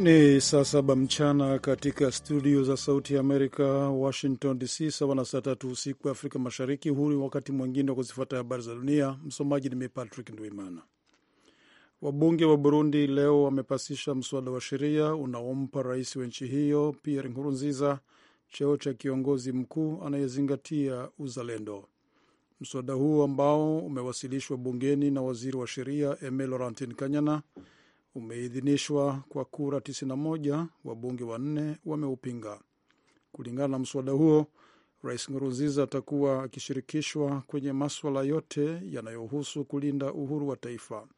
Ni saa saba mchana katika studio za Sauti ya Amerika, Washington DC, sawa na saa tatu usiku wa Afrika Mashariki. huu ni wakati mwingine wa kuzifuata habari za dunia. Msomaji ni mimi Patrick Ndwimana. Wabunge wa Burundi leo wamepasisha mswada wa sheria unaompa rais wa nchi hiyo Pierre Nkurunziza cheo cha kiongozi mkuu anayezingatia uzalendo. Mswada huo ambao umewasilishwa bungeni na waziri wa sheria Emile Laurentine Kanyana umeidhinishwa kwa kura 91, wabunge wanne wameupinga. Kulingana na mswada huo, Rais Nkurunziza atakuwa akishirikishwa kwenye maswala yote yanayohusu kulinda uhuru wa taifa.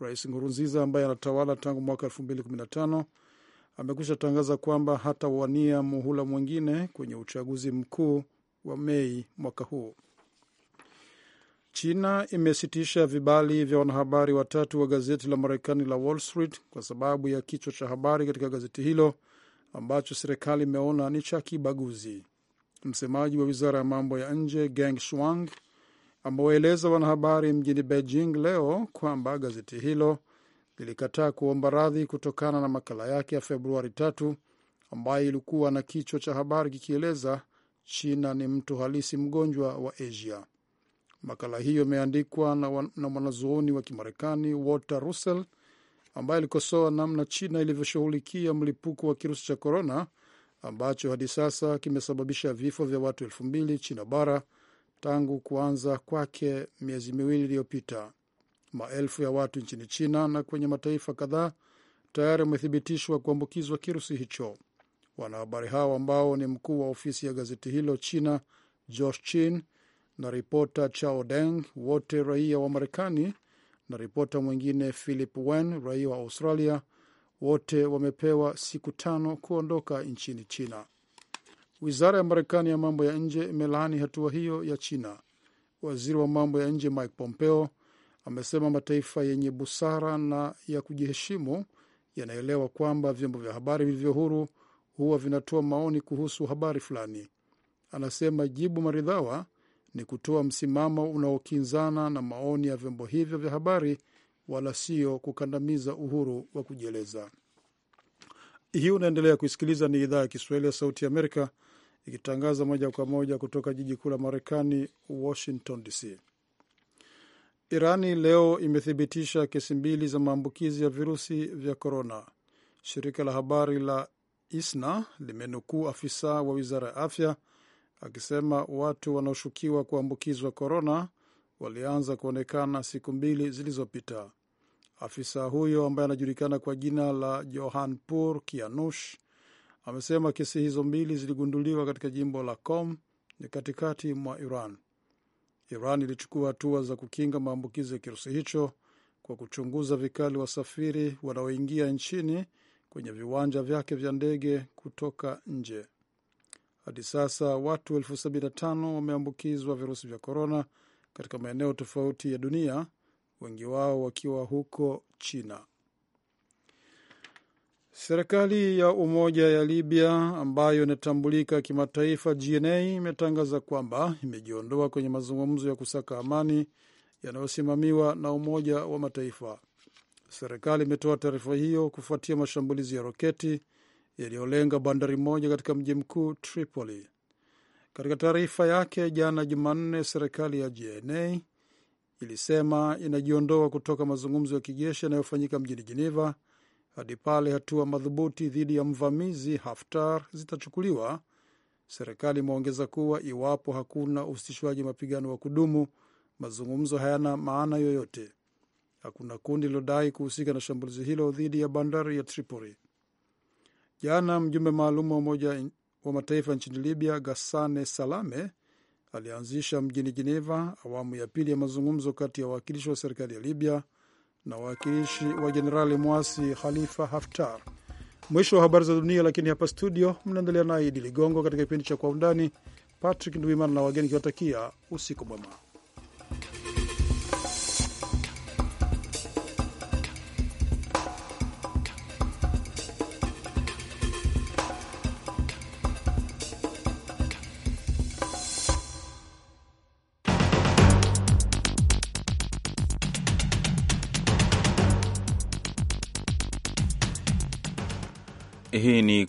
Rais Nkurunziza ambaye anatawala tangu mwaka 2015 amekwisha tangaza kwamba hatawania muhula mwingine kwenye uchaguzi mkuu wa Mei mwaka huu. China imesitisha vibali vya wanahabari watatu wa gazeti la Marekani la Wall Street kwa sababu ya kichwa cha habari katika gazeti hilo ambacho serikali imeona ni cha kibaguzi. Msemaji wa wizara ya mambo ya nje Geng Shuang amewaeleza wanahabari mjini Beijing leo kwamba gazeti hilo lilikataa kuomba radhi kutokana na makala yake ya Februari tatu ambayo ilikuwa na kichwa cha habari kikieleza China ni mtu halisi mgonjwa wa Asia. Makala hiyo imeandikwa na mwanazuoni wa Kimarekani Walter Russell ambaye alikosoa namna China ilivyoshughulikia mlipuko wa kirusi cha korona ambacho hadi sasa kimesababisha vifo vya watu elfu mbili China bara tangu kuanza kwake miezi miwili iliyopita. Maelfu ya watu nchini China na kwenye mataifa kadhaa tayari wamethibitishwa kuambukizwa kirusi hicho. Wanahabari hao ambao ni mkuu wa ofisi ya gazeti hilo China Josh Chin na ripota Chao Deng, wote raia wa Marekani, na ripota mwingine Philip Wen, raia wa Australia, wote wamepewa siku tano kuondoka nchini China. Wizara ya Marekani ya mambo ya nje imelaani hatua hiyo ya China. Waziri wa mambo ya nje Mike Pompeo amesema mataifa yenye busara na ya kujiheshimu yanaelewa kwamba vyombo vya habari vilivyo huru huwa vinatoa maoni kuhusu habari fulani. Anasema jibu maridhawa ni kutoa msimamo unaokinzana na maoni ya vyombo hivyo vya habari, wala sio kukandamiza uhuru wa kujieleza. Hii unaendelea kuisikiliza, ni idhaa ya Kiswahili ya Sauti ya Amerika ikitangaza moja kwa moja kutoka jiji kuu la Marekani, Washington DC. Irani leo imethibitisha kesi mbili za maambukizi ya virusi vya korona. Shirika la habari la ISNA limenukuu afisa wa wizara ya afya akisema watu wanaoshukiwa kuambukizwa korona walianza kuonekana siku mbili zilizopita. Afisa huyo ambaye anajulikana kwa jina la Johanpur Kianush amesema kesi hizo mbili ziligunduliwa katika jimbo la com ni katikati mwa Iran. Iran ilichukua hatua za kukinga maambukizi ya kirusi hicho kwa kuchunguza vikali wasafiri wanaoingia nchini kwenye viwanja vyake vya ndege kutoka nje. Hadi sasa watu elfu sabini na tano wameambukizwa virusi vya korona katika maeneo tofauti ya dunia, wengi wao wakiwa huko China. Serikali ya umoja ya Libya ambayo inatambulika kimataifa GNA imetangaza kwamba imejiondoa kwenye mazungumzo ya kusaka amani yanayosimamiwa na Umoja wa Mataifa. Serikali imetoa taarifa hiyo kufuatia mashambulizi ya roketi yaliyolenga bandari moja katika mji mkuu Tripoli. Katika taarifa yake jana Jumanne, serikali ya GNA ilisema inajiondoa kutoka mazungumzo ya kijeshi yanayofanyika mjini Geneva hadi pale hatua madhubuti dhidi ya mvamizi Haftar zitachukuliwa. Serikali imeongeza kuwa iwapo hakuna usitishwaji mapigano wa kudumu, mazungumzo hayana maana yoyote. Hakuna kundi lilodai kuhusika na shambulizi hilo dhidi ya bandari ya Tripoli. Jana mjumbe maalum wa Umoja wa Mataifa nchini Libya, Gassane Salame, alianzisha mjini Geneva awamu ya pili ya mazungumzo kati ya wawakilishi wa serikali ya Libya na wawakilishi wa jenerali mwasi Khalifa Haftar. Mwisho wa habari za dunia, lakini hapa studio mnaendelea naye Idi Ligongo katika kipindi cha Kwa Undani. Patrick nduimana na wageni kiwatakia usiku mwema.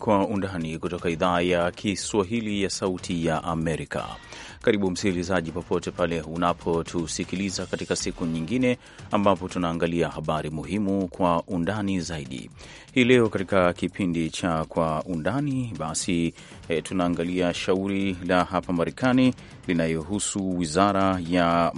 Kwa Undani kutoka idhaa ya Kiswahili ya Sauti ya Amerika. Karibu msikilizaji, popote pale unapotusikiliza katika siku nyingine ambapo tunaangalia habari muhimu kwa undani zaidi. Hii leo katika kipindi cha Kwa Undani basi e, tunaangalia shauri la hapa Marekani linayohusu wizara ya,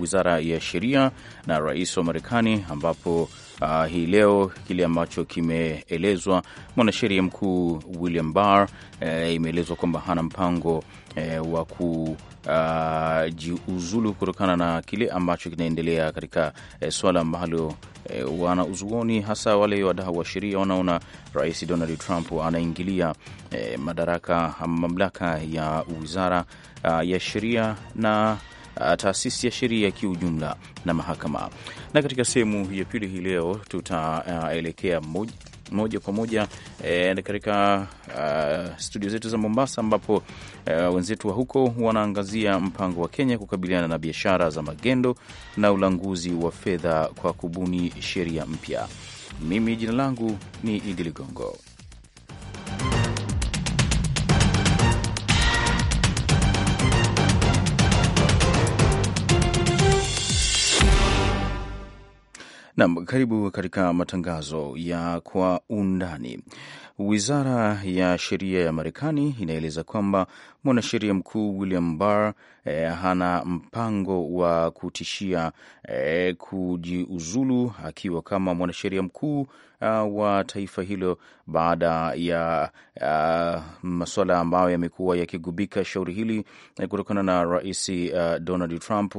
wizara ya sheria na rais wa Marekani ambapo uh, hii leo kile ambacho kimeelezwa mwanasheria mkuu William Barr eh, imeelezwa kwamba hana mpango eh, wa ku Uh, jiuzulu kutokana na kile ambacho kinaendelea katika eh, swala ambalo eh, wanazuoni hasa wale wadau wa sheria wanaona Rais Donald Trump anaingilia eh, madaraka ama mamlaka ya wizara uh, ya sheria na Uh, taasisi ya sheria kiujumla na mahakama. Na katika sehemu ya pili hii leo tutaelekea uh, moja, moja kwa moja e, katika uh, studio zetu za Mombasa ambapo uh, wenzetu wa huko wanaangazia mpango wa Kenya kukabiliana na biashara za magendo na ulanguzi wa fedha kwa kubuni sheria mpya. Mimi jina langu ni Idi Ligongo. Nam, karibu katika matangazo ya kwa undani. Wizara ya sheria ya Marekani inaeleza kwamba mwanasheria mkuu William Barr eh, hana mpango wa kutishia eh, kujiuzulu akiwa kama mwanasheria mkuu uh, wa taifa hilo baada ya uh, ah, masuala ambayo yamekuwa yakigubika shauri hili eh, kutokana na rais uh, Donald Trump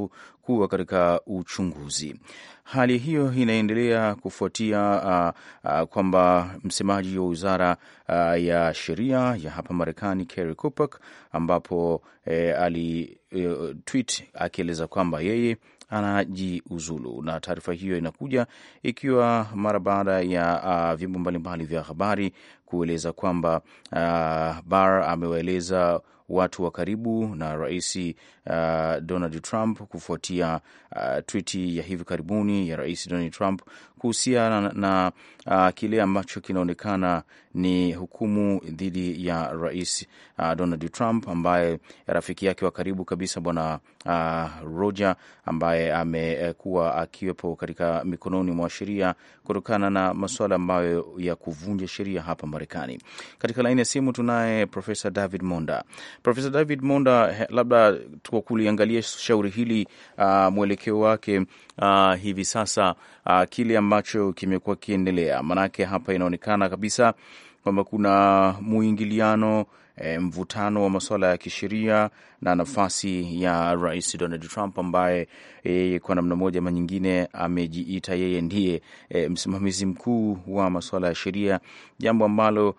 kuwa katika uchunguzi. Hali hiyo inaendelea kufuatia uh, uh, kwamba msemaji wa wizara uh, ya sheria ya hapa Marekani Kerry Kupok, ambapo eh, alitweet eh, akieleza kwamba yeye anajiuzulu na taarifa hiyo inakuja ikiwa mara baada ya uh, vyombo mbalimbali vya habari kueleza kwamba uh, Barr amewaeleza watu wa karibu na rais uh, Donald Trump kufuatia uh, twiti ya hivi karibuni ya rais Donald Trump kuhusiana na uh, kile ambacho kinaonekana ni hukumu dhidi ya rais uh, Donald Trump ambaye rafiki yake wa karibu kabisa bwana uh, Roger ambaye amekuwa akiwepo katika mikononi mwa sheria kutokana na masuala ambayo ya kuvunja sheria hapa Marekani. Katika laini ya simu tunaye Profesa David Monda. Profesa David Monda, labda kwa kuliangalia shauri hili uh, mwelekeo wake uh, hivi sasa uh, kile ambacho kimekuwa kiendelea? Maanake hapa inaonekana kabisa kwamba kuna muingiliano e, mvutano wa masuala ya kisheria na nafasi ya Rais Donald Trump ambaye yeye kwa namna moja ama nyingine amejiita yeye ndiye e, msimamizi mkuu wa masuala ya sheria, jambo ambalo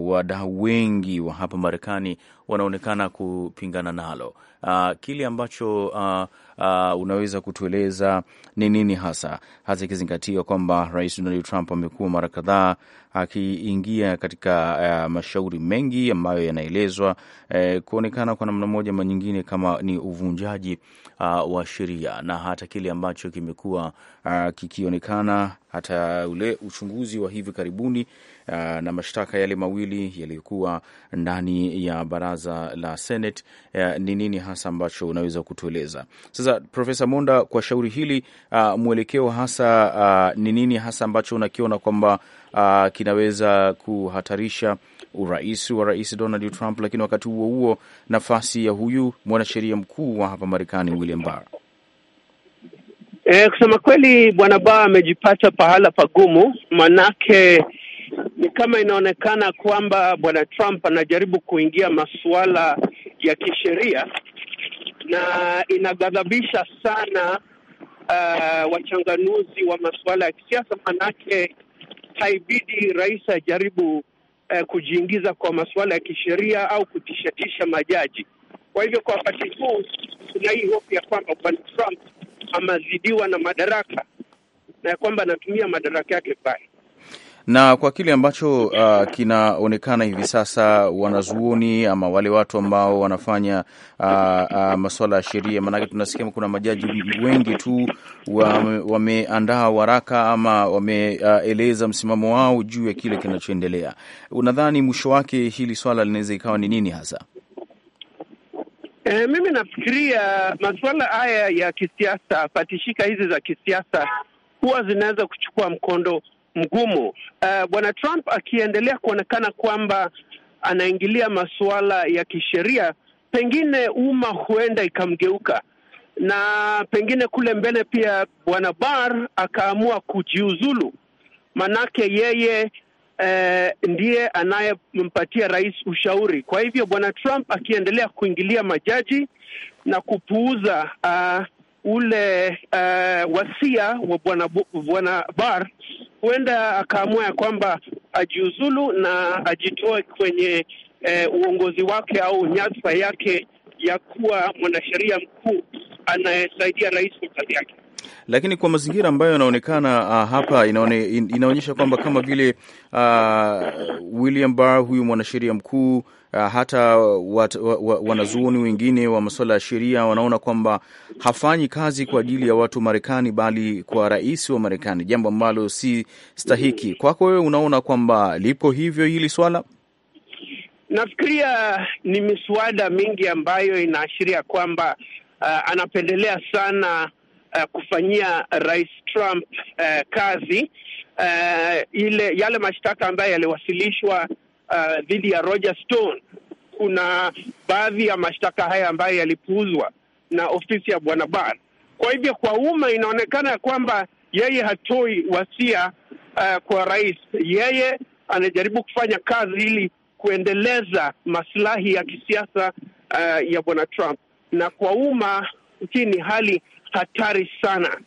wadau wengi wa hapa Marekani wanaonekana kupingana nalo. Uh, kile ambacho uh, uh, unaweza kutueleza ni nini hasa, hasa ikizingatia kwamba Rais Donald Trump amekuwa mara kadhaa akiingia katika uh, mashauri mengi ambayo yanaelezwa uh, kuonekana kwa namna moja ama nyingine kama ni uvunjaji uh, wa sheria na hata kile ambacho kimekuwa uh, kikionekana hata ule uchunguzi wa hivi karibuni Ah, na mashtaka yale mawili yaliyokuwa ndani ya baraza la Senate eh, ni nini hasa ambacho unaweza kutueleza sasa, Profesa Monda, kwa shauri hili ah, mwelekeo hasa ah, ni nini hasa ambacho unakiona kwamba uh, kinaweza kuhatarisha urais wa Rais Donald Trump, lakini wakati huo huo nafasi ya huyu mwanasheria mkuu wa hapa Marekani William Barr? E, kusema kweli Bwana Barr amejipata pahala pagumu manake ni kama inaonekana kwamba bwana Trump anajaribu kuingia masuala ya kisheria na inaghadhabisha sana uh, wachanganuzi wa masuala ya kisiasa, manake haibidi rais ajaribu uh, kujiingiza kwa masuala ya kisheria au kutishatisha majaji. Kwa hivyo kwa wakati huu kuna hii hofu ya kwamba bwana Trump amezidiwa na madaraka na ya kwamba anatumia madaraka yake vibaya na kwa kile ambacho uh, kinaonekana hivi sasa, wanazuoni ama wale watu ambao wanafanya uh, uh, masuala ya sheria, maanake tunasikia kuna majaji wengi tu wameandaa wame waraka ama wameeleza uh, msimamo wao juu ya kile kinachoendelea. Unadhani mwisho wake hili swala linaweza ikawa ni nini hasa? E, mimi nafikiria masuala haya ya kisiasa, patishika hizi za kisiasa huwa zinaweza kuchukua mkondo mgumu. Uh, bwana Trump akiendelea kuonekana kwamba anaingilia masuala ya kisheria, pengine umma huenda ikamgeuka, na pengine kule mbele pia bwana Barr akaamua kujiuzulu, manake yeye eh, ndiye anayempatia rais ushauri. Kwa hivyo bwana Trump akiendelea kuingilia majaji na kupuuza uh, ule uh, wasia wa bwana bwana Bar huenda akaamua ya kwamba ajiuzulu na ajitoe kwenye uh, uongozi wake au nyadhifa yake ya kuwa mwanasheria mkuu anayesaidia rais kwa kazi yake lakini kwa mazingira ambayo yanaonekana uh, hapa inaone, inaonyesha kwamba kama vile uh, William Barr huyu mwanasheria mkuu Ah, hata wat, wat, wanazuoni wengine wa masuala ya sheria wanaona kwamba hafanyi kazi kwa ajili ya watu Marekani bali kwa rais wa Marekani, jambo ambalo si stahiki. Kwako wewe, unaona kwamba lipo hivyo hili swala? Nafikiria ni miswada mingi ambayo inaashiria kwamba uh, anapendelea sana uh, kufanyia rais Trump uh, kazi uh, ile yale mashtaka ambayo yaliwasilishwa uh, dhidi ya Roger Stone. Kuna baadhi ya mashtaka haya ambayo yalipuuzwa na ofisi ya bwana Barr. Kwa hivyo kwa umma inaonekana ya kwamba yeye hatoi wasia uh, kwa rais. Yeye anajaribu kufanya kazi ili kuendeleza masilahi ya kisiasa uh, ya bwana Trump, na kwa umma hii ni hali hatari sana.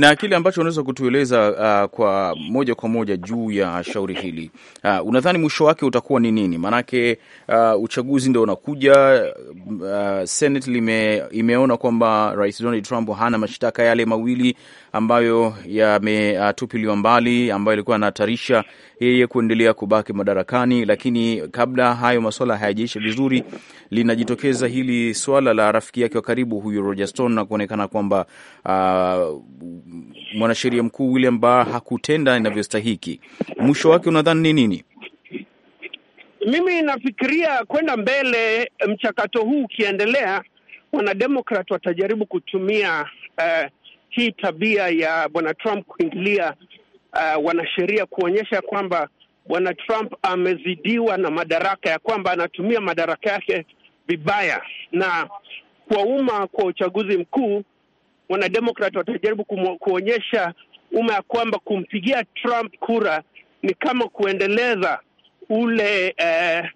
Na kile ambacho unaweza kutueleza uh, kwa moja kwa moja juu ya shauri hili uh, unadhani mwisho wake utakuwa ni nini? Maanake uh, uchaguzi ndo unakuja. Uh, Senate lime, imeona kwamba Rais Donald Trump hana mashtaka yale mawili ambayo yametupiliwa uh, mbali, ambayo ilikuwa anahatarisha yeye kuendelea kubaki madarakani, lakini kabla hayo maswala hayajaisha vizuri, linajitokeza hili swala la rafiki yake wa karibu huyu Roger Stone na kuonekana kwamba uh, mwanasheria mkuu William Barr hakutenda inavyostahiki. Mwisho wake unadhani ni nini? Mimi nafikiria kwenda mbele, mchakato huu ukiendelea, wanademokrat watajaribu kutumia uh, hii tabia ya bwana Trump kuingilia uh, wanasheria kuonyesha kwamba bwana Trump amezidiwa na madaraka, ya kwamba anatumia madaraka yake vibaya na kwa umma kwa uchaguzi mkuu wanademokrat watajaribu kuonyesha umma ya kwamba kumpigia Trump kura ni kama kuendeleza ule eh,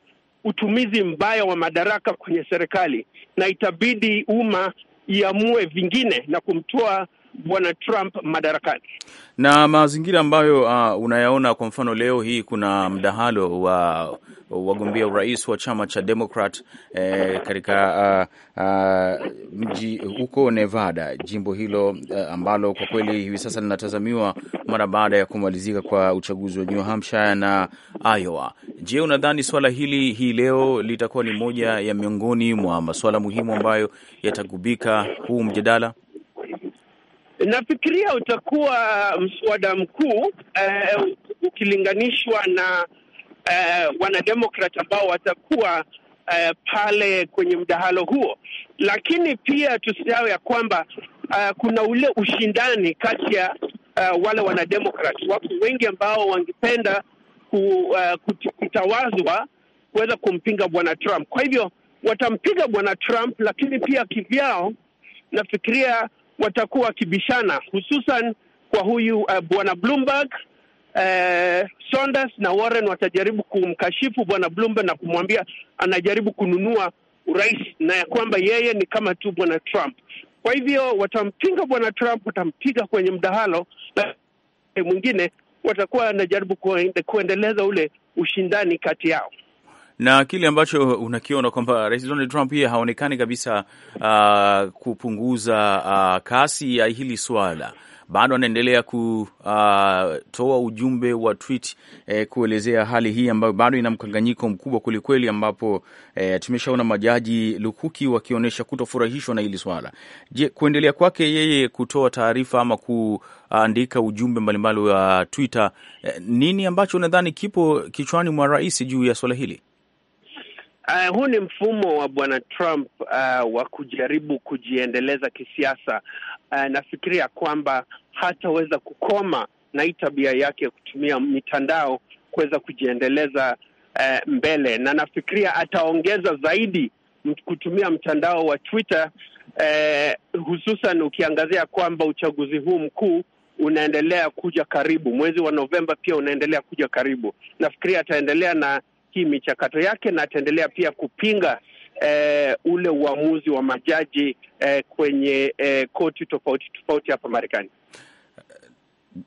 utumizi mbaya wa madaraka kwenye serikali, na itabidi umma iamue vingine na kumtoa bwana Trump madarakani na mazingira ambayo uh, unayaona. Kwa mfano leo hii kuna mdahalo wa wagombea urais wa chama cha Democrat eh, katika uh, uh, mji huko Nevada, jimbo hilo uh, ambalo kwa kweli hivi sasa linatazamiwa mara baada ya kumalizika kwa uchaguzi wa New Hampshire na Iowa. Je, unadhani swala hili hii leo litakuwa ni moja ya miongoni mwa masuala muhimu ambayo yatagubika huu mjadala? Nafikiria utakuwa mswada mkuu eh, ukilinganishwa na eh, wanademokrat ambao watakuwa eh, pale kwenye mdahalo huo, lakini pia tusiao ya kwamba eh, kuna ule ushindani kati ya eh, wale wanademokrat wako wengi ambao wangependa ku, eh, kutawazwa kuweza kumpinga bwana Trump. Kwa hivyo watampiga bwana Trump, lakini pia kivyao, nafikiria watakuwa wakibishana, hususan kwa huyu uh, bwana Bloomberg. uh, eh, Sanders na Warren watajaribu kumkashifu bwana Bloomberg na kumwambia anajaribu kununua urais na ya kwamba yeye ni kama tu bwana Trump. Kwa hivyo watampinga bwana Trump, watampiga kwenye mdahalo, na mwingine watakuwa wanajaribu kuendeleza ule ushindani kati yao na kile ambacho unakiona kwamba Rais Donald Trump yeye haonekani kabisa uh, kupunguza uh, kasi ya hili swala bado anaendelea kutoa ah, uh, ujumbe wa tweet eh, kuelezea hali hii ambayo bado ina mkanganyiko mkubwa kwelikweli, ambapo eh, tumeshaona majaji lukuki wakionyesha kutofurahishwa na hili swala. Je, kuendelea kwake yeye kutoa taarifa ama kuandika ujumbe mbalimbali wa Twitter eh, nini ambacho unadhani kipo kichwani mwa rais juu ya swala hili? Uh, huu ni mfumo wa bwana Trump uh, wa kujaribu kujiendeleza kisiasa. Uh, nafikiria kwamba hataweza kukoma na hii tabia yake ya kutumia mitandao kuweza kujiendeleza uh, mbele, na nafikiria ataongeza zaidi kutumia mtandao wa Twitter uh, hususan ukiangazia kwamba uchaguzi huu mkuu unaendelea kuja karibu, mwezi wa Novemba pia unaendelea kuja karibu. Nafikiria ataendelea na hii michakato yake na ataendelea pia kupinga eh, ule uamuzi wa majaji eh, kwenye eh, koti tofauti tofauti hapa Marekani.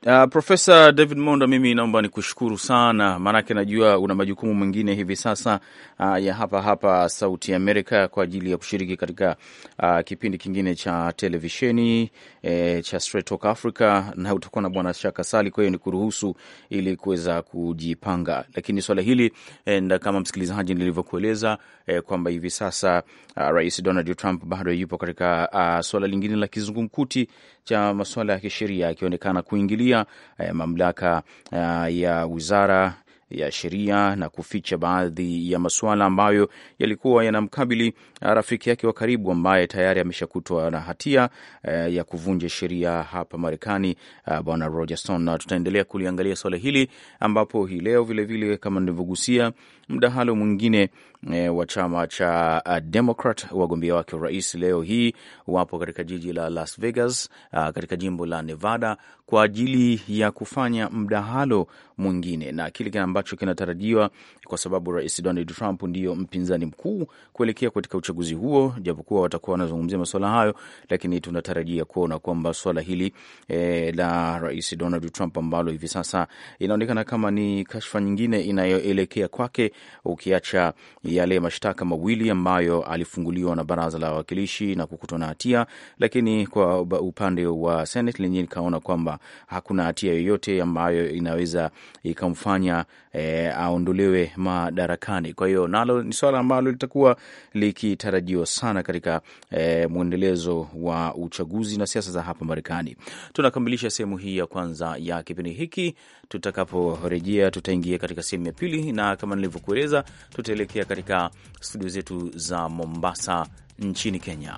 Uh, Profesa David Monda, mimi naomba nikushukuru sana, maanake najua una majukumu mengine hivi sasa uh, ya hapa hapa Sauti Amerika kwa ajili ya kushiriki katika uh, kipindi kingine cha televisheni eh, cha Straight Talk Africa na utakuwa na Bwana Shaka Sali, kwa hiyo ni kuruhusu ili kuweza kujipanga, lakini swala hili eh, na kama msikilizaji nilivyokueleza eh, kwamba hivi sasa uh, Rais Donald Trump bado yupo katika uh, swala lingine la kizungumkuti cha masuala ya kisheria akionekana kuingilia eh, mamlaka eh, ya wizara ya sheria na kuficha baadhi ya masuala ambayo yalikuwa yanamkabili eh, rafiki yake wa karibu ambaye tayari ameshakutwa na hatia eh, ya kuvunja sheria hapa Marekani, eh, bwana Roger Stone. Na tutaendelea kuliangalia swala hili ambapo hii leo vilevile, kama nilivyogusia, mdahalo mwingine e, wa chama cha uh, Democrat, wagombea wake urais rais leo hii wapo katika jiji la Las Vegas a, uh, katika jimbo la Nevada kwa ajili ya kufanya mdahalo mwingine, na kile ambacho kinatarajiwa kwa sababu Rais Donald Trump ndiyo mpinzani mkuu kuelekea katika uchaguzi huo, japokuwa watakuwa wanazungumzia masuala hayo, lakini tunatarajia kuona kwamba swala hili e, la Rais Donald Trump ambalo hivi sasa inaonekana kama ni kashfa nyingine inayoelekea kwake, ukiacha yale mashtaka mawili ambayo alifunguliwa na baraza la wawakilishi na kukutwa na hatia, lakini kwa upande wa Senate lenyewe likaona kwamba hakuna hatia yoyote ambayo inaweza ikamfanya e, aondolewe madarakani. Kwa hiyo nalo ni swala ambalo litakuwa likitarajiwa sana katika e, mwendelezo wa uchaguzi na siasa za hapa Marekani. Tunakamilisha sehemu hii ya kwanza ya kipindi hiki. Tutakaporejea tutaingia katika sehemu ya pili, na kama nilivyokueleza, tutaelekea katika studio zetu za Mombasa nchini Kenya.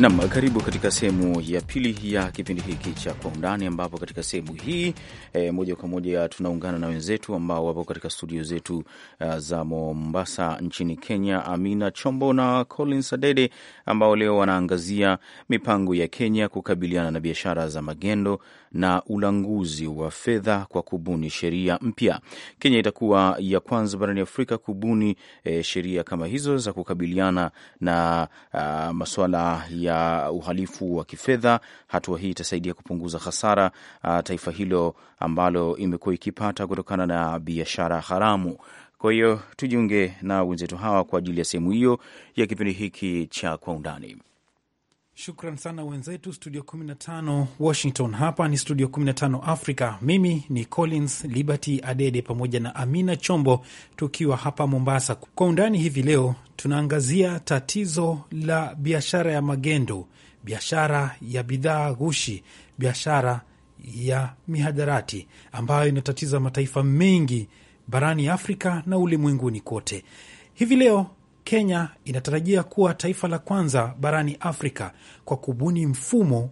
Nam, karibu katika sehemu ya pili ya kipindi hiki cha Kwa Undani, ambapo katika sehemu hii e, moja kwa moja tunaungana na wenzetu ambao wapo katika studio zetu uh, za Mombasa nchini Kenya, Amina Chombo na Colin Adede, ambao leo wanaangazia mipango ya Kenya kukabiliana na biashara za magendo na ulanguzi wa fedha kwa kubuni sheria mpya. Kenya itakuwa ya kwanza barani Afrika kubuni e, sheria kama hizo za kukabiliana na a, ah, masuala ya uhalifu wa kifedha. Hatua hii itasaidia kupunguza hasara a, ah, taifa hilo ambalo imekuwa ikipata kutokana na biashara haramu. Kwa hiyo tujiunge na wenzetu hawa kwa ajili ya sehemu hiyo ya kipindi hiki cha Kwa Undani. Shukran sana wenzetu studio 15 Washington. Hapa ni studio 15 Africa. Mimi ni Collins Liberty Adede pamoja na Amina Chombo tukiwa hapa Mombasa. Kwa undani hivi leo tunaangazia tatizo la biashara ya magendo, biashara ya bidhaa ghushi, biashara ya mihadarati ambayo inatatiza mataifa mengi barani Afrika na ulimwenguni kote. Hivi leo Kenya inatarajia kuwa taifa la kwanza barani Afrika kwa kubuni mfumo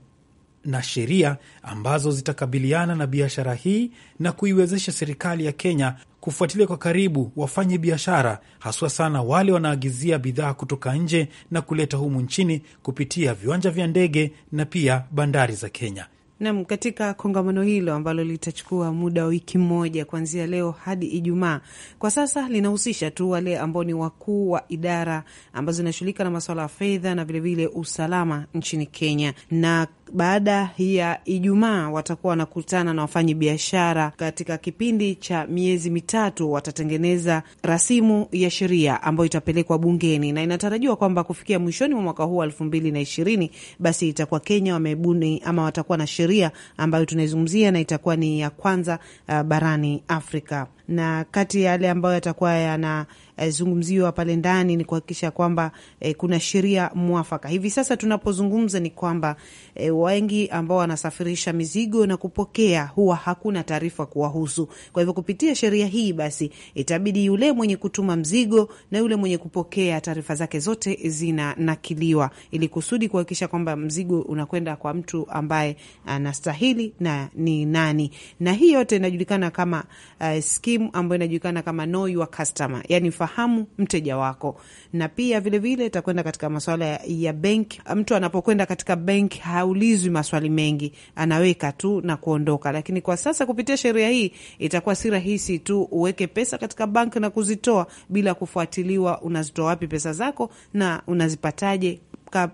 na sheria ambazo zitakabiliana na biashara hii na kuiwezesha serikali ya Kenya kufuatilia kwa karibu wafanye biashara haswa sana wale wanaagizia bidhaa kutoka nje na kuleta humu nchini kupitia viwanja vya ndege na pia bandari za Kenya. Nam, katika kongamano hilo ambalo litachukua muda wa wiki moja kuanzia leo hadi Ijumaa, kwa sasa linahusisha tu wale ambao ni wakuu wa idara ambazo zinashughulika na masuala ya fedha na vilevile usalama nchini Kenya. Na baada ya Ijumaa watakuwa wanakutana na wafanyi biashara katika kipindi cha miezi mitatu, watatengeneza rasimu ya sheria ambayo itapelekwa bungeni na inatarajiwa kwamba kufikia mwishoni mwa mwaka huu elfu mbili na ishirini basi itakuwa Kenya wamebuni ama watakuwa na sheria ambayo tunaizungumzia na itakuwa ni ya kwanza uh, barani Afrika na kati ya yale ambayo yatakuwa yanazungumziwa eh, pale ndani ni kuhakikisha kwamba eh, kuna sheria mwafaka. Hivi sasa tunapozungumza ni kwamba eh, wengi ambao wanasafirisha mizigo na kupokea huwa hakuna taarifa kuwahusu. Kwa hivyo kupitia sheria hii, basi itabidi yule mwenye kutuma mzigo na yule mwenye kupokea taarifa zake zote zinanakiliwa, ili kusudi kuhakikisha kwamba mzigo unakwenda kwa mtu ambaye anastahili na ni nani, na hii yote inajulikana kama uh, simu ambayo inajulikana kama know your customer, yani fahamu mteja wako, na pia vilevile itakwenda katika maswala ya benki. Mtu anapokwenda katika benki haulizwi maswali mengi, anaweka tu na kuondoka. Lakini kwa sasa kupitia sheria hii itakuwa si rahisi tu uweke pesa katika bank na kuzitoa bila kufuatiliwa unazitoa wapi pesa zako na unazipataje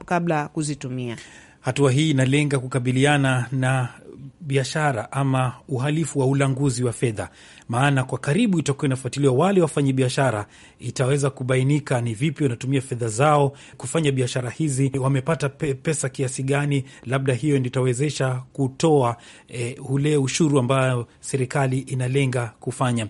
kabla kuzitumia. Hatua hii inalenga kukabiliana na biashara ama uhalifu wa ulanguzi wa fedha, maana kwa karibu itakuwa inafuatiliwa wale biashara itaweza kubainika ni vipi wanatumia fedha zao kufanya biashara hizi, wamepata pe pesa kiasi gani. Labda hiyo ndio itawezesha kutoa e, ule ushuru ambayo serikali inalenga kufanya.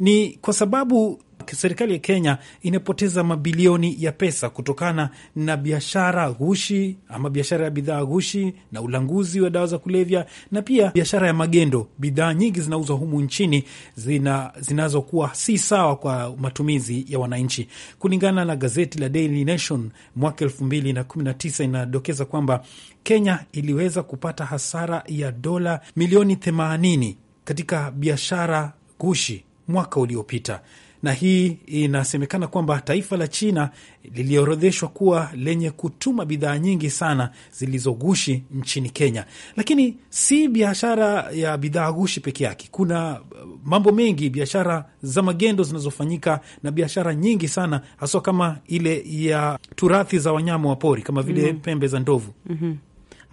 Ni kwa sababu Serikali ya Kenya inapoteza mabilioni ya pesa kutokana na biashara ghushi ama biashara ya bidhaa ghushi na ulanguzi wa dawa za kulevya na pia biashara ya magendo. Bidhaa nyingi zinauzwa humu nchini zina, zinazokuwa si sawa kwa matumizi ya wananchi. Kulingana na gazeti la Daily Nation mwaka elfu mbili na kumi na tisa inadokeza kwamba Kenya iliweza kupata hasara ya dola milioni themanini katika biashara gushi mwaka uliopita na hii inasemekana kwamba taifa la China liliorodheshwa kuwa lenye kutuma bidhaa nyingi sana zilizogushi nchini Kenya. Lakini si biashara ya bidhaa gushi peke yake, kuna uh, mambo mengi, biashara za magendo zinazofanyika na biashara nyingi sana haswa kama ile ya turathi za wanyama wa pori kama vile mm -hmm. pembe za ndovu mm -hmm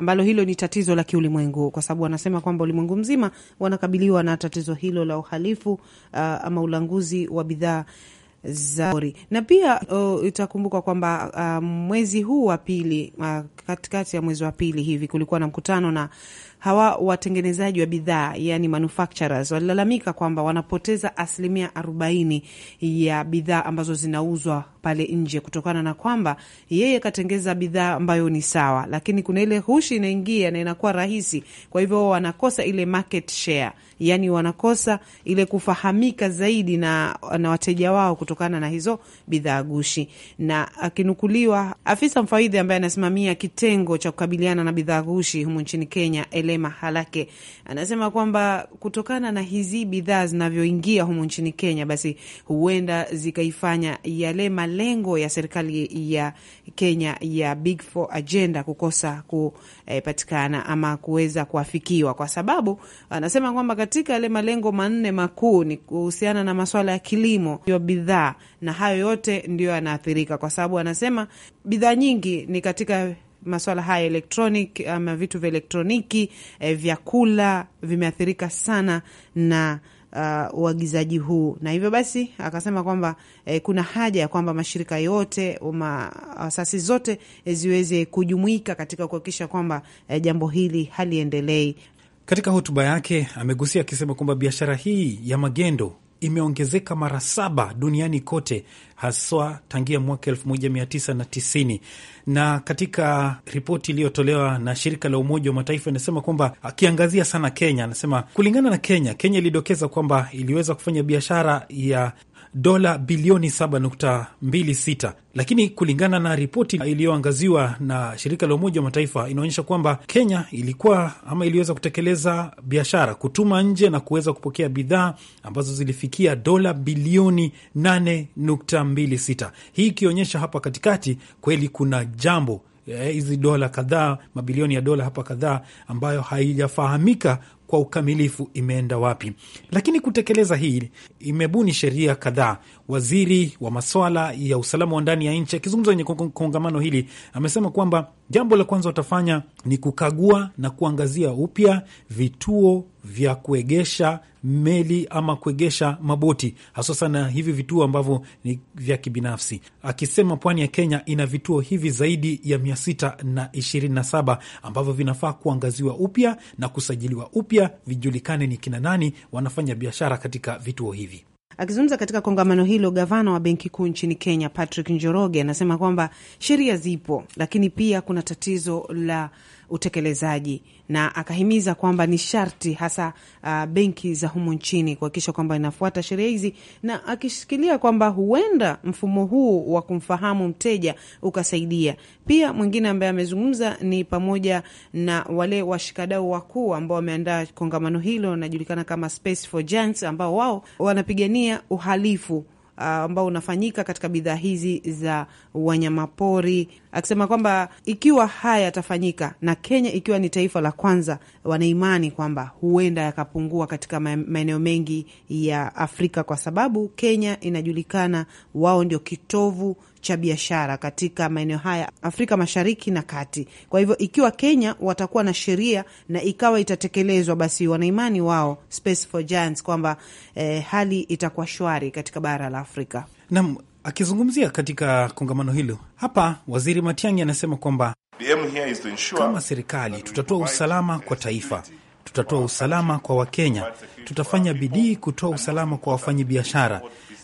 ambalo hilo ni tatizo la kiulimwengu, kwa sababu wanasema kwamba ulimwengu mzima wanakabiliwa na tatizo hilo la uhalifu uh, ama ulanguzi wa bidhaa Zari. Na pia uh, itakumbuka kwamba uh, mwezi huu wa pili uh, katikati ya mwezi wa pili hivi kulikuwa na mkutano na hawa watengenezaji wa bidhaa yani manufacturers walilalamika kwamba wanapoteza asilimia arobaini ya bidhaa ambazo zinauzwa pale nje, kutokana na kwamba yeye katengeza bidhaa ambayo ni sawa, lakini kuna ile hushi inaingia na inakuwa rahisi. Kwa hivyo wanakosa ile market share, yani wanakosa ile kufahamika zaidi na, na wateja wao kutokana na hizo bidhaa gushi. Na akinukuliwa afisa mfawidhi ambaye anasimamia kitengo cha kukabiliana na bidhaa gushi humu nchini Kenya, Elema Halake, anasema kwamba kutokana na hizi bidhaa zinavyoingia humu nchini Kenya, basi huenda zikaifanya yale malengo ya serikali ya Kenya ya Big Four agenda kukosa kupatikana ama kuweza kuafikiwa, kwa sababu anasema kwamba katika yale malengo manne makuu ni kuhusiana na masuala ya kilimo ya bidhaa, na hayo yote ndiyo yanaathirika, kwa sababu anasema bidhaa nyingi ni katika masuala haya electronic ama vitu vya elektroniki, eh, vyakula vimeathirika sana na Uh, uagizaji huu, na hivyo basi akasema kwamba eh, kuna haja ya kwamba mashirika yote uma asasi zote eh, ziweze kujumuika katika kuhakikisha kwamba eh, jambo hili haliendelei. Katika hotuba yake amegusia akisema kwamba biashara hii ya magendo imeongezeka mara saba duniani kote haswa tangia mwaka 1990 na katika ripoti iliyotolewa na shirika la Umoja wa Mataifa inasema kwamba, akiangazia sana Kenya, anasema kulingana na Kenya, Kenya ilidokeza kwamba iliweza kufanya biashara ya dola bilioni 7.26, lakini kulingana na ripoti iliyoangaziwa na shirika la Umoja wa Mataifa inaonyesha kwamba Kenya ilikuwa ama iliweza kutekeleza biashara, kutuma nje na kuweza kupokea bidhaa ambazo zilifikia dola bilioni 8.26, hii ikionyesha hapa katikati kweli kuna jambo eh, hizi dola kadhaa mabilioni ya dola hapa kadhaa ambayo haijafahamika kwa ukamilifu imeenda wapi. Lakini kutekeleza hii imebuni sheria kadhaa. Waziri wa maswala ya usalama wa ndani ya nchi akizungumza kwenye kongamano hili amesema kwamba jambo la kwanza watafanya ni kukagua na kuangazia upya vituo vya kuegesha meli ama kuegesha maboti hasa sana hivi vituo ambavyo ni vya kibinafsi, akisema pwani ya Kenya ina vituo hivi zaidi ya mia sita na ishirini na saba ambavyo vinafaa kuangaziwa upya na kusajiliwa upya, vijulikane ni kina nani wanafanya biashara katika vituo hivi. Akizungumza katika kongamano hilo, gavana wa benki kuu nchini Kenya Patrick Njoroge anasema kwamba sheria zipo, lakini pia kuna tatizo la utekelezaji, na akahimiza kwamba ni sharti hasa uh, benki za humu nchini kuhakikisha kwamba inafuata sheria hizi, na akishikilia kwamba huenda mfumo huu wa kumfahamu mteja ukasaidia pia. Mwingine ambaye amezungumza ni pamoja na wale washikadau wakuu ambao wameandaa kongamano hilo, najulikana kama Space for Giants, ambao wao wanapigania uhalifu Uh, ambao unafanyika katika bidhaa hizi za wanyamapori, akisema kwamba ikiwa haya yatafanyika na Kenya ikiwa ni taifa la kwanza, wanaimani kwamba huenda yakapungua katika maeneo mengi ya Afrika, kwa sababu Kenya inajulikana, wao ndio kitovu cha biashara katika maeneo haya Afrika Mashariki na Kati. Kwa hivyo ikiwa Kenya watakuwa na sheria na ikawa itatekelezwa, basi wanaimani wao Space for Giants kwamba eh, hali itakuwa shwari katika bara la Afrika. nam akizungumzia katika kongamano hilo hapa, Waziri Matiang'i anasema kwamba kama serikali tutatoa usalama kwa taifa tutatoa usalama kwa Wakenya, tutafanya bidii kutoa usalama kwa wafanyabiashara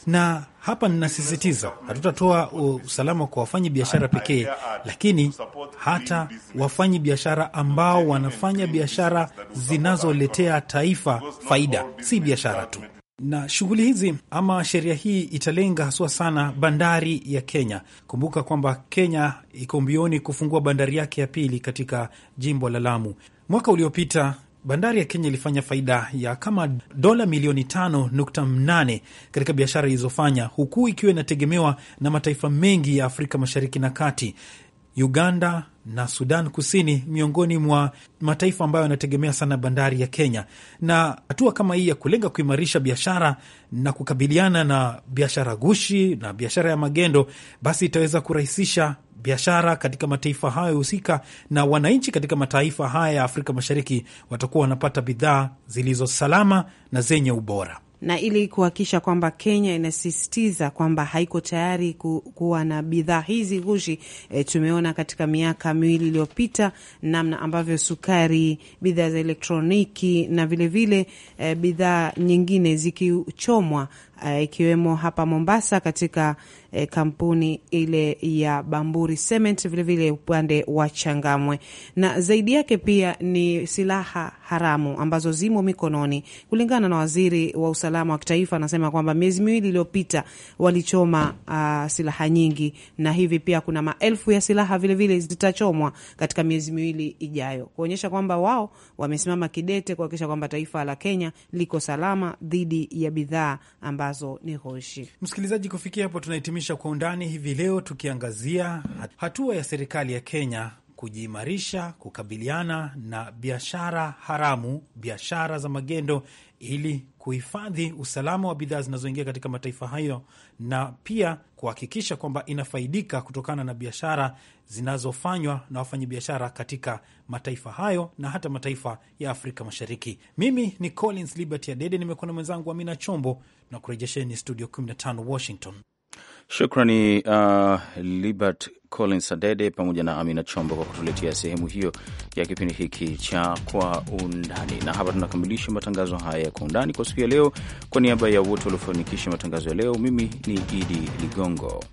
na hapa ninasisitiza, hatutatoa usalama kwa wafanyi biashara pekee, lakini hata wafanyi biashara ambao wanafanya biashara zinazoletea taifa faida, si biashara tu. Na shughuli hizi ama sheria hii italenga haswa sana bandari ya Kenya. Kumbuka kwamba Kenya iko mbioni kufungua bandari yake ya pili katika jimbo la Lamu. Mwaka uliopita Bandari ya Kenya ilifanya faida ya kama dola milioni 5.8 katika biashara ilizofanya, huku ikiwa inategemewa na mataifa mengi ya Afrika Mashariki na Kati, Uganda na Sudan Kusini miongoni mwa mataifa ambayo yanategemea sana bandari ya Kenya. Na hatua kama hii ya kulenga kuimarisha biashara na kukabiliana na biashara gushi na biashara ya magendo, basi itaweza kurahisisha biashara katika mataifa hayo husika, na wananchi katika mataifa haya ya Afrika Mashariki watakuwa wanapata bidhaa zilizo salama na zenye ubora na ili kuhakikisha kwamba Kenya inasisitiza kwamba haiko tayari ku, kuwa na bidhaa hizi gushi E, eh, tumeona katika miaka miwili iliyopita namna ambavyo sukari, bidhaa za elektroniki na vilevile e, eh, bidhaa nyingine zikichomwa eh, ikiwemo e, hapa Mombasa katika e, kampuni ile ya Bamburi Cement, vilevile upande wa Changamwe, na zaidi yake pia ni silaha haramu ambazo zimo mikononi. Kulingana na waziri wa usalama wa kitaifa, anasema kwamba miezi miwili iliyopita walichoma uh, silaha nyingi, na hivi pia kuna maelfu ya silaha vilevile zitachomwa katika miezi miwili ijayo, kuonyesha kwamba wao wamesimama kidete kuhakikisha kwamba taifa la Kenya liko salama dhidi ya bidhaa ambazo ni hoshi. Msikilizaji, kufikia hapo tunahitimisha tunakamilisha kwa undani hivi leo tukiangazia hatua ya serikali ya Kenya kujiimarisha kukabiliana na biashara haramu, biashara za magendo, ili kuhifadhi usalama wa bidhaa zinazoingia katika mataifa hayo na pia kuhakikisha kwamba inafaidika kutokana na biashara zinazofanywa na wafanyabiashara katika mataifa hayo na hata mataifa ya Afrika Mashariki. Mimi ni Collins Liberty Adede, nimekuwa na mwenzangu Amina Chombo na kurejesheni studio 15 Washington. Shukrani uh, Libert Collins Sadede pamoja na Amina Chombo kwa kutuletea sehemu hiyo ya kipindi hiki cha Kwa Undani, na hapa tunakamilisha matangazo haya ya Kwa Undani kwa siku ya leo. Kwa niaba ya wote waliofanikisha matangazo ya leo, mimi ni Idi Ligongo.